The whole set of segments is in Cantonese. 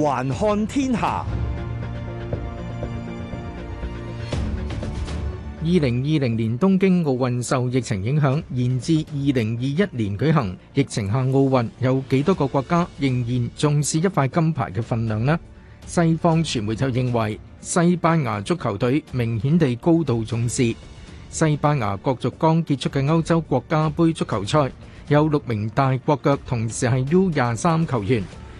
環看天下。二零二零年東京奧運受疫情影響，延至二零二一年舉行。疫情下奧運有幾多個國家仍然重視一塊金牌嘅分量呢？西方傳媒就認為，西班牙足球隊明顯地高度重視。西班牙角逐剛結束嘅歐洲國家杯足球賽，有六名大國腳同時係 U 廿三球員。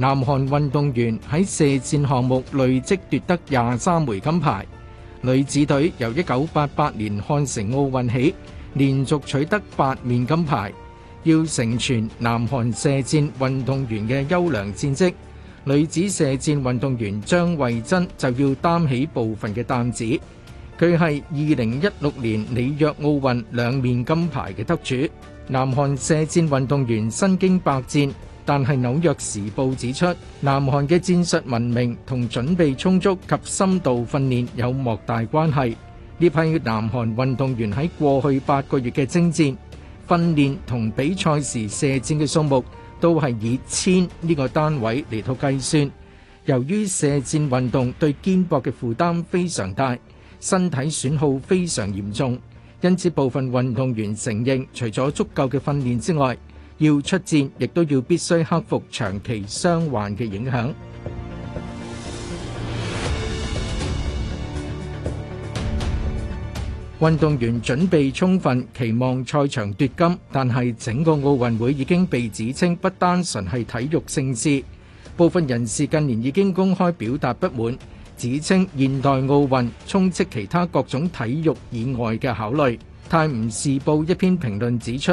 南韓運動員喺射箭項目累積奪得廿三枚金牌，女子隊由一九八八年漢城奧運起連續取得八面金牌，要承傳南韓射箭運動員嘅優良戰績，女子射箭運動員張惠珍就要擔起部分嘅擔子。佢係二零一六年里約奧運兩面金牌嘅得主，南韓射箭運動員身經百戰。但係《紐約時報》指出，南韓嘅戰術文明同準備充足及深度訓練有莫大關係。呢批南韓運動員喺過去八個月嘅征戰、訓練同比賽時射箭嘅數目，都係以千呢個單位嚟到計算。由於射箭運動對肩膊嘅負擔非常大，身體損耗非常嚴重，因此部分運動員承認，除咗足夠嘅訓練之外，要出戰亦都要必須克服長期傷患嘅影響。運動員準備充分，期望賽場奪金，但係整個奧運會已經被指稱不單純係體育盛事。部分人士近年已經公開表達不滿，指稱現代奧運充斥其他各種體育以外嘅考慮，泰晤士報一篇評論指出。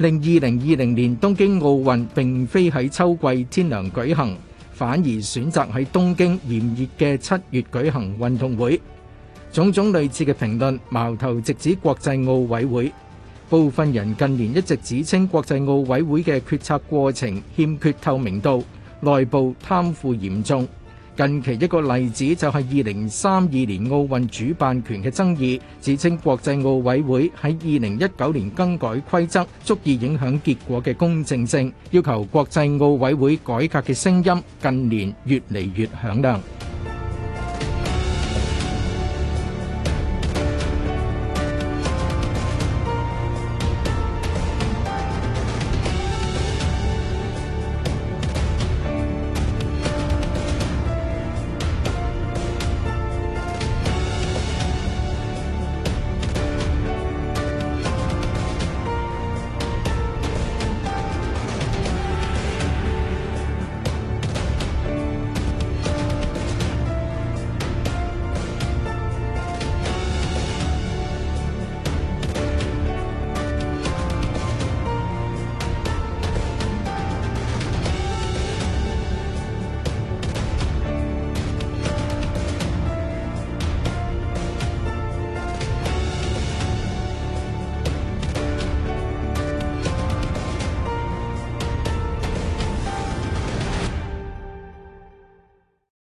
令2020年東京奧運並非喺秋季天涼舉行，反而選擇喺東京炎熱嘅七月舉行運動會。種種類似嘅評論，矛頭直指國際奧委會。部分人近年一直指稱國際奧委會嘅決策過程欠缺透明度，內部貪腐嚴重。近期一個例子就係二零三二年奧運主辦權嘅爭議，指稱國際奧委會喺二零一九年更改規則，足以影響結果嘅公正性，要求國際奧委會改革嘅聲音近年越嚟越響亮。